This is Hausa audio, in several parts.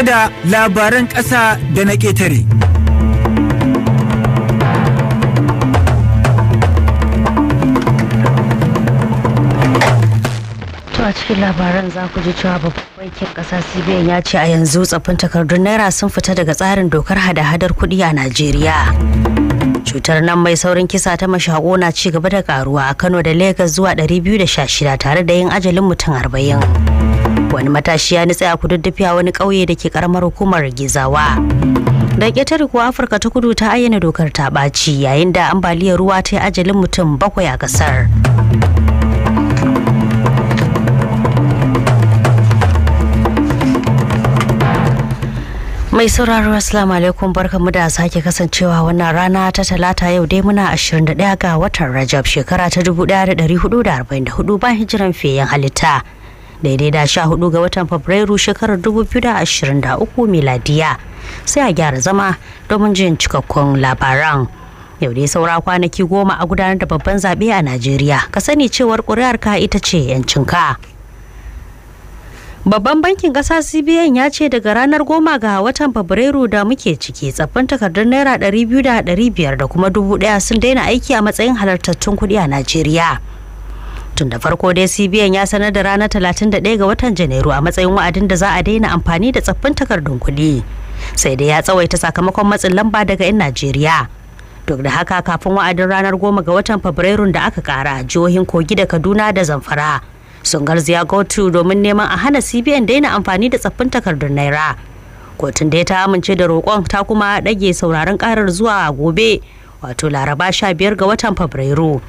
kada da labaran ƙasa da na ƙetare. a cikin labaran za ku ji cewa babban bankin ƙasa cbn ya ce a yanzu tsaffin takardun naira sun fita daga tsarin dokar hada-hadar kuɗi a najeriya cutar nan mai saurin kisa ta mashako na ci gaba da karuwa a kano da lagos zuwa 216 tare da yin ajalin mutum 40. wani matashi ya nitsaya ku a wani ƙauye da ke karamar hukumar gizawa da ƙetare kuwa afirka ta kudu ta ayyana dokar ta ɓaci yayin da ambaliyar ruwa ta yi ajalin mutum bakwai a ƙasar mai sauraro assalamu alaikum barkamu da sake kasancewa wannan rana ta talata yau dai muna 21 ga watan rajab shekara ta 1444 bayan hijiran feyen halitta daidai da sha hudu ga watan fabrairu shekarar da ashirin 2023 miladiya sai a gyara zama domin jin cikakkun labaran yau dai saura kwanaki goma a gudanar da babban zaɓe a najeriya ka sani cewar ka ita ce 'yancin ka' Babban bankin ƙasa CBN ya ce daga ranar goma ga watan Fabrairu da muke ciki tsaffin takardar Naira 200 da 500 da kuma 1000 sun daina aiki a matsayin halartattun kuɗi a Najeriya. tun da farko dai cbn ya sanar da ranar 31 ga watan janairu a matsayin wa'adin da za a daina amfani da tsaffin takardun kuɗi sai dai ya tsawaita sakamakon matsin lamba daga 'yan najeriya duk da haka kafin wa'adin ranar goma ga watan fabrairun da aka kara jihohin kogi da kaduna da zamfara sun garziya gotu domin neman a hana cbn daina amfani da tsaffin takardun naira kotun dai ta amince da roƙon ta kuma ɗage sauraron ƙarar zuwa gobe wato laraba 15 ga watan fabrairu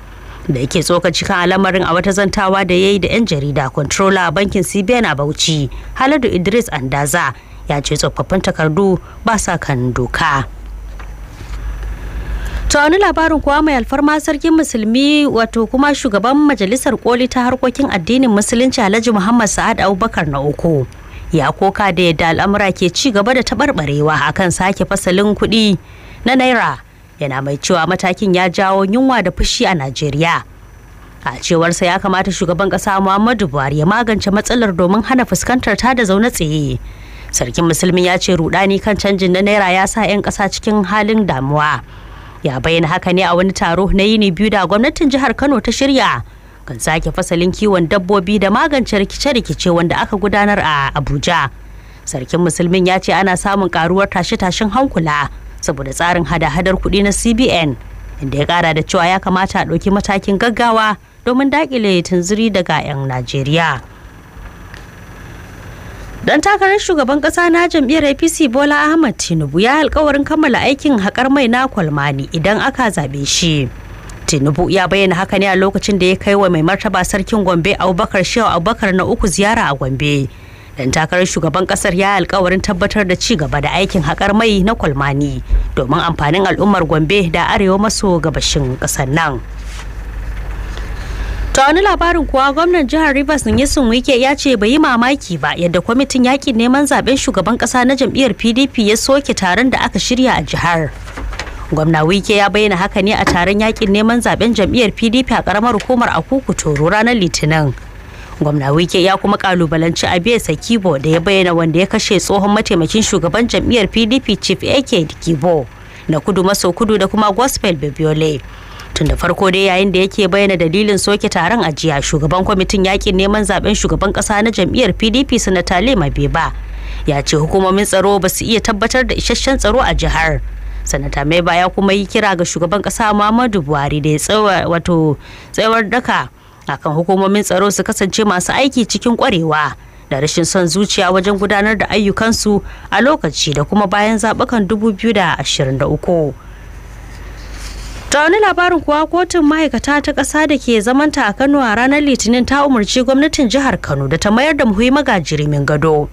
da yake tsokaci kan al'amarin a wata zantawa da ya yi da 'yan jarida controller a bankin cbn a bauchi haladu idris andaza ya ce tsofaffin takardu ba sa kan doka ta wani labarin kuwa mai alfarma sarkin musulmi wato kuma shugaban majalisar koli ta harkokin addinin musulunci alhaji muhammad sa'ad abubakar na uku ya koka da yadda al'amura ke ci gaba da taɓarɓarewa akan sake fasalin kuɗi na naira yana mai cewa matakin ya jawo yunwa da fushi a najeriya a cewarsa ya kamata shugaban kasa muhammadu buhari ya magance matsalar domin hana fuskantar ta da zaune tsaye sarkin musulmi ya ce rudani kan canjin na naira ya sa 'yan kasa cikin halin damuwa ya bayyana haka ne a wani taro na yini biyu da gwamnatin jihar kano ta shirya kan sake fasalin kiwon dabbobi da magance rikice-rikice wanda aka gudanar a abuja sarkin musulmin ya ce ana samun karuwar tashe-tashen hankula saboda tsarin hada-hadar kuɗi na cbn inda ya kara da cewa ya kamata a ɗauki matakin gaggawa domin dakile tunziri daga 'yan najeriya dan takarar shugaban ƙasa na jam'iyyar apc bola ahmad tinubu ya alkawarin kammala aikin haƙar mai na kwalmani idan aka zaɓe shi tinubu ya bayyana haka ne a lokacin da ya kai wa mai martaba sarkin gombe abubakar shehu abubakar na uku ziyara a gombe dan takarar shugaban kasar ya alkawarin tabbatar da ci gaba da aikin haƙar mai na kwalmani domin amfanin al'ummar gombe da arewa maso gabashin ƙasar nan ta wani labarin kuwa gwamnan jihar rivers ne sun wike ya ce bai yi mamaki ba yadda kwamitin yakin neman zaben shugaban kasa na jam'iyyar pdp ya soke taron da aka shirya a jihar gwamna wike ya bayyana haka ne a taron yakin neman zaben jam'iyyar pdp a karamar hukumar akuku toro ranar litinin gwamna wike ya kuma kalubalanci abiyarsa kibo da ya bayyana wanda ya kashe tsohon mataimakin shugaban jam'iyyar pdp chief ak kibo na kudu maso kudu da kuma gospel bibiole tun da farko dai yayin da yake bayyana dalilin soke taron ajiya shugaban kwamitin yakin neman zaben shugaban kasa na jam'iyyar pdp sanata lema beba ya ce hukumomin tsaro ba su iya tabbatar da isasshen tsaro a jihar sanata mai ya kuma yi kira ga shugaban kasa muhammadu buhari da ya tsawar daka akan hukumomin tsaro su kasance masu aiki cikin kwarewa da rashin son zuciya wajen gudanar da ayyukansu a lokaci da kuma bayan zaɓukan 2023 ta wani labarin kuwa kotun ma'aikata ta ƙasa da ke zamanta a kano a ranar litinin ta umarci gwamnatin jihar kano da ta mayar da muhimmi jirimin gado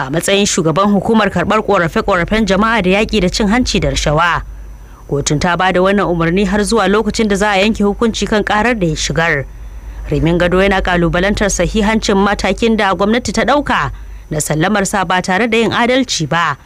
a matsayin shugaban hukumar karɓar ƙorafe-ƙorafen jama'a da yaƙi da cin hanci da rashawa kotun ta ba da wannan umarni har zuwa lokacin da za a yanke hukunci kan karar da ya shigar Rimin Gado yana kalubalantar sahihancin matakin da gwamnati ta ɗauka na sallamar sa ba tare da yin adalci ba.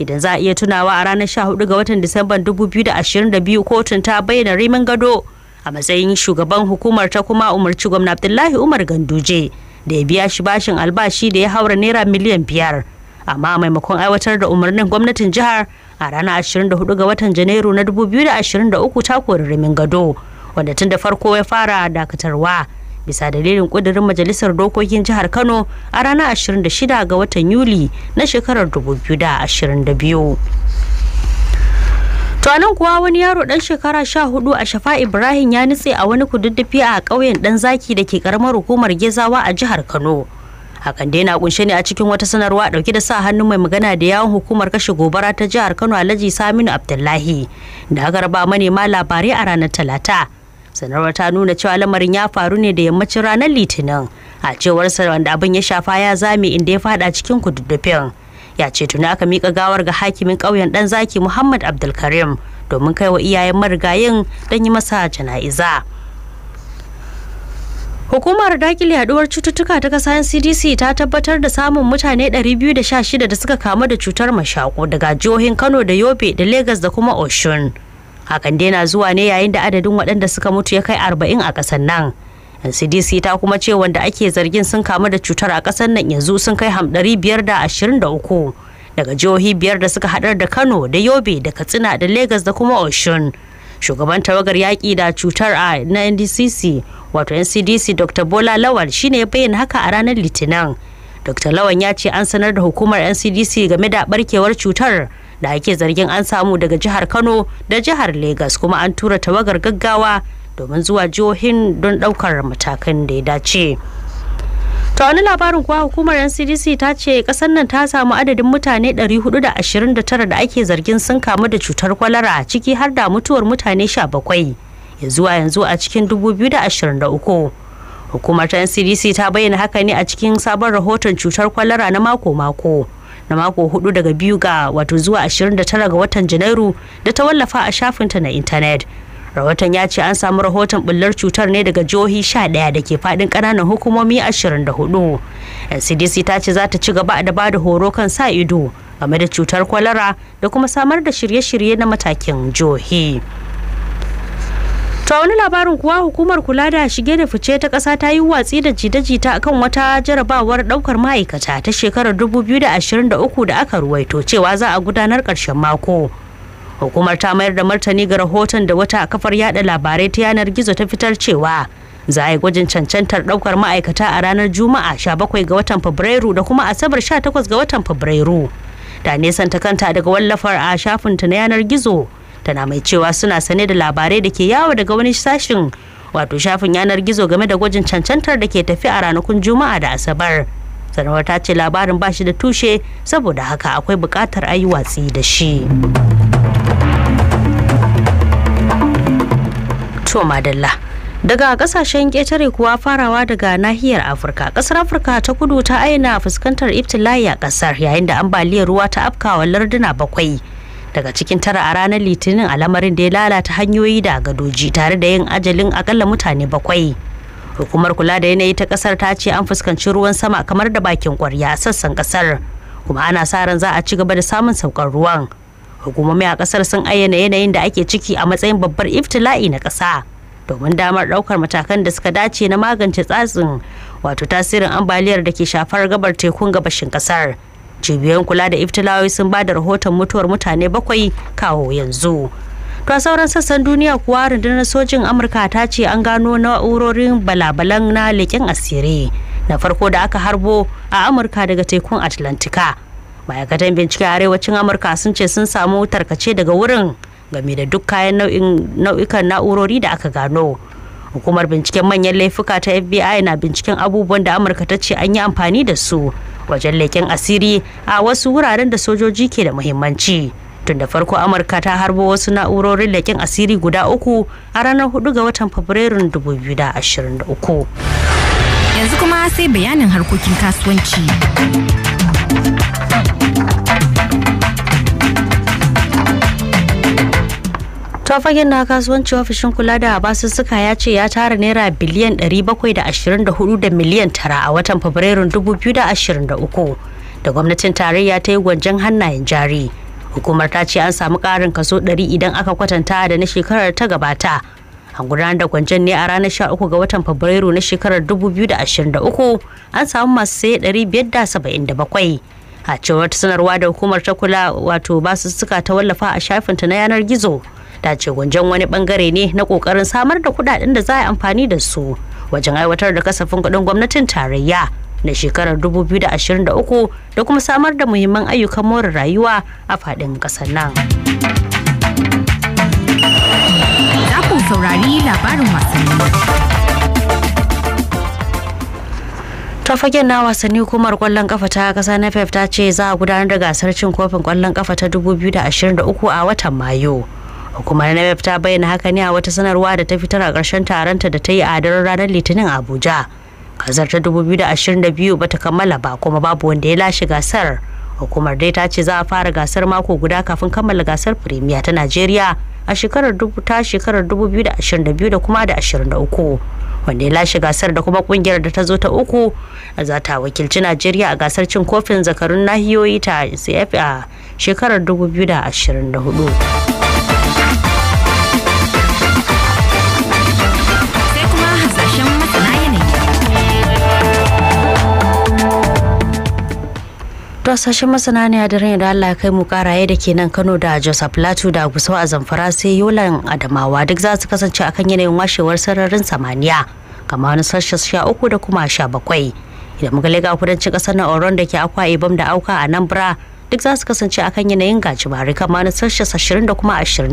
Idan za a iya tunawa a ranar 14 ga watan Disamban 2022 kotun ta bayyana rimin Gado a matsayin shugaban hukumar ta kuma umarci gwamna Abdullahi Umar Ganduje da ya biya shi bashin albashi da ya haura naira miliyan biyar. amma maimakon aiwatar da umarnin gwamnatin jihar a ranar 24 ga watan janairu na 2023 ta kori rimin gado wanda tun da farko ya fara dakatarwa bisa dalilin kudirin majalisar dokokin jihar kano a ranar 26 ga watan yuli na shekarar 2022 To nan kuwa wani yaro dan shekara sha hudu a Shafa Ibrahim ya nutse a wani kududdufi a ƙauyen dan zaki da ke karamar hukumar Gezawa a jihar Kano. Hakan dai na kunshe ne a cikin wata sanarwa dauke da sa hannun mai magana da yawon hukumar kashe gobara ta jihar Kano Alhaji Saminu Abdullahi da aka raba manema labarai a ranar Talata. sanarwar ta nuna cewa lamarin ya faru ne da yammacin ranar litinin a cewar sa wanda abin ya shafa ya zame inda ya fada cikin kududdufin ya ce tuni aka mika gawar ga hakimin ƙauyen dan zaki muhammad abdulkarim domin kai wa iyayen marigayin don yi masa jana'iza. Hukumar dakile yaduwar cututtuka ta kasa CDC ta tabbatar da samun mutane 216 da suka kamu da cutar mashako daga jihohin Kano da Yobe da Legas da kuma Oshun. hakan dai na zuwa ne yayin da adadin waɗanda suka mutu ya kai arba'in a ƙasar nan ncdc ta kuma ce wanda ake zargin sun kamu da cutar a ƙasar nan yanzu sun kai biyar da ashirin da uku daga jihohi biyar da suka haɗar da kano da yobe da katsina da Legas da kuma oshun shugaban tawagar yaƙi da cutar a na ndcc wato ncdc dr bola lawal shine ya bayyana haka a ranar litinin dr lawan ya ce an sanar da hukumar ncdc game da barkewar cutar da ake zargin an samu daga jihar kano da jihar legas kuma an tura tawagar gaggawa domin zuwa jihohin don daukar matakan da ya dace. ta wani labarin kuwa hukumar ncdc ta ce kasar nan ta samu adadin mutane 429 da ake zargin sun kamu da cutar kwalara ciki har da mutuwar mutane 17 ya zuwa yanzu a cikin 2023 hukumar ta ncdc ta bayyana haka ne a cikin sabon rahoton cutar kwalara na mako-mako na mako hudu daga biyu ga wato zuwa 29 ga watan janairu da ta wallafa a shafinta na intanet rahoton ya ce an samu rahoton bullar cutar ne daga jihohi 11 da ke fadin kananan hukumomi 24 ncdc ta ce za ta ci gaba da ba da horo kan sa ido game da cutar kwalara da kuma samar da shirye-shirye na matakin jihohi. to wani labarin kuwa hukumar kula da shige da fice ta kasa ta yi watsi da jita-jita akan wata jarabawar ɗaukar ma'aikata ta shekarar 2023 da aka ruwaito cewa za a gudanar karshen mako hukumar ta mayar da martani ga rahoton da wata kafar yada labarai ta yanar gizo ta fitar cewa za a yi gwajin cancantar ɗaukar ma'aikata a ranar juma'a 17 ga watan fabrairu da kuma asabar 18 ga watan fabrairu da nesanta kanta daga wallafar a shafinta na yanar gizo tana mai cewa suna sane da labarai da ke yawo daga wani sashin wato shafin yanar gizo game da gwajin cancantar da ke tafi a ranakun juma'a da asabar sanarwar ta ce labarin ba shi da tushe saboda haka akwai bukatar a yi watsi da shi to madalla daga kasashen ƙetare kuwa farawa daga nahiyar afirka ƙasar afirka ta kudu ta aina fuskantar iftila'i a ƙasar yayin da ambaliyar ruwa ta afkawa larduna bakwai daga cikin tara a ranar litinin a lamarin da ya lalata hanyoyi da gadoji tare da yin ajalin akalla mutane bakwai hukumar kula da yanayi ta kasar ta ce an fuskanci ruwan sama kamar da bakin kwarya a sassan kasar kuma ana sa ran za a ci gaba da samun saukar ruwan hukumomi a kasar sun ayyana yanayin da ake ciki a matsayin babbar iftila'i na kasa domin damar ɗaukar matakan da suka dace na magance tsatsin wato tasirin ambaliyar da ke shafar gabar tekun gabashin kasar cibiyoyin kula da iftilawoyi sun ba da rahoton mutuwar mutane bakwai kawo yanzu to sauran sassan duniya kuwa rundunar sojin amurka ta ce an gano na'urorin balabalan na leƙen asiri na farko da aka harbo a amurka daga tekun atlantika ma'aikatan bincike arewacin amurka sun ce sun samu tarkace daga wurin game da duk kayan nau'ikan na'urori da aka gano hukumar binciken manyan laifuka ta fbi na binciken abubuwan da amurka ta ce an yi amfani da su wajen leƙen asiri a wasu wuraren da sojoji ke da muhimmanci tun da farko amurka ta harbo wasu na'urorin leƙen asiri guda uku a ranar 4 ga watan fabrairun 2023 yanzu kuma sai bayanin harkokin kasuwanci to fagen na kasuwanci ofishin kula da basussuka ya ce ya tara naira biliyan 724 da miliyan 9 a watan fabrairun 2023 da gwamnatin tarayya ta yi gwanjan hannayen jari hukumar ta ce an samu karin kaso 100 idan aka kwatanta da na shekarar ta gabata an gudanar da gwanjan ne a ranar 13 ga watan fabrairu na shekarar 2023 an samu masu saye 577 a cewar sanarwa da hukumar ta kula wato basussuka ta wallafa a shafinta na yanar gizo ce gwanjan wani bangare ne na kokarin samar da kudaden da za a amfani da su wajen aiwatar da kasafin kudin gwamnatin tarayya na shekarar 2023 da kuma samar da muhimman ayyukan more rayuwa a fadin ƙasar nan. Za labarin wasanni. ta na wasanni hukumar kwallon kafa ta kasa nafef ta ce za a gudanar da gasar cin kofin kwallon kafa ta 2023 a watan mayu hukumar nmf ta bayyana haka ne a wata sanarwa da ta fitar a ƙarshen taronta da ta yi a daren ranar litinin abuja kazar ta 2022 bata kammala ba kuma babu wanda ya lashe gasar hukumar dai ta ce za a fara gasar mako guda kafin kammala gasar firimiya ta najeriya a shekarar ta shekarar 2022 da kuma da 23 wanda ya lashe gasar da kuma kungiyar da ta zo ta uku za ta wakilci najeriya a gasar cin kofin zakarun nahiyoyi ta cf a shekarar 2024 to sashen masana ne da da Allah kai mu karaye da ke nan Kano da Jos Plateau da Gusau a Zamfara sai Yolan Adamawa duk za su kasance akan yanayin washewar sararin samaniya kamar wani sashen sha da kuma sha bakwai idan muka lega kudancin kasar na Oron da ke akwa Ibom da Auka a Nambra duk za su kasance akan yanayin gajimare kamar na 20 da kuma 24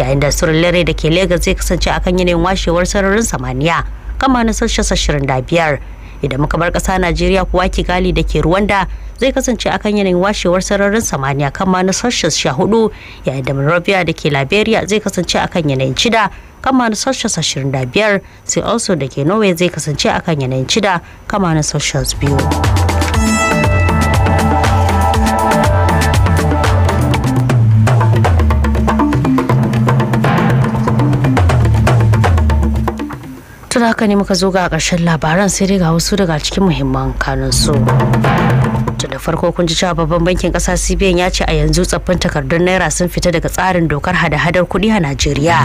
yayin da surin surulere da ke Legas zai kasance akan yanayin washewar sararin samaniya kamar na 25 idan muka bar ƙasa najeriya kuwa gali da ke ruwanda zai kasance akan yanayin washewar sararin samaniya kan sashen sha hudu yayin da monrovia da ke liberia zai kasance akan yanayin cida kan ashirin da biyar sai also da ke norway zai kasance akan yanayin cida kan na sashen biyu. haka ne muka zo ga ƙarshen labaran sai dai ga wasu daga cikin muhimman kanun su. tun da farko kun ji cewa babban bankin ƙasa cbn ya ce a yanzu tsaffin takardun naira sun fita daga tsarin dokar hada-hadar kuɗi a najeriya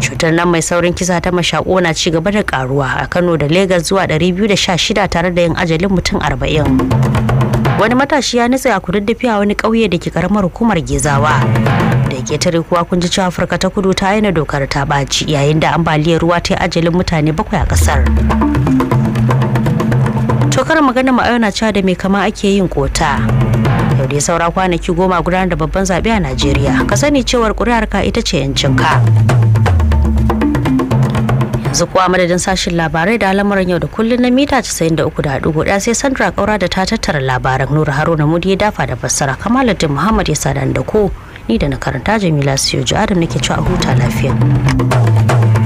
cutar nan mai saurin kisa ta mashako na ci gaba da karuwa a kano da legas zuwa 216 tare da yin ajalin mutum 40 wani matashi ya nutse a kududdufi a wani ƙauye da ke ƙaramar hukumar gezawa ya ketare kuwa kun ji cewa Afirka ta kudu ta na dokar ta ɓaci yayin da ambaliyar ruwa ta yi ajalin mutane bakwai a ƙasar. Tokar magana auna cewa da mai kama ake yin kota. yau dai saura kwanaki goma gudanar da babban zaɓe a najeriya ka sani cewar ƙuri'ar ka ita ce yancin ka yanzu kuwa madadin sashin labarai da lamarin yau da kullun na mita da uku haɗu 93.1 sai sandra kaura da ta tattara labaran nura haruna mudi ya dafa da fassara kamaluddin muhammad ya sadan da ko ni da na karanta jamila siyo adam nake ci a huta lafiya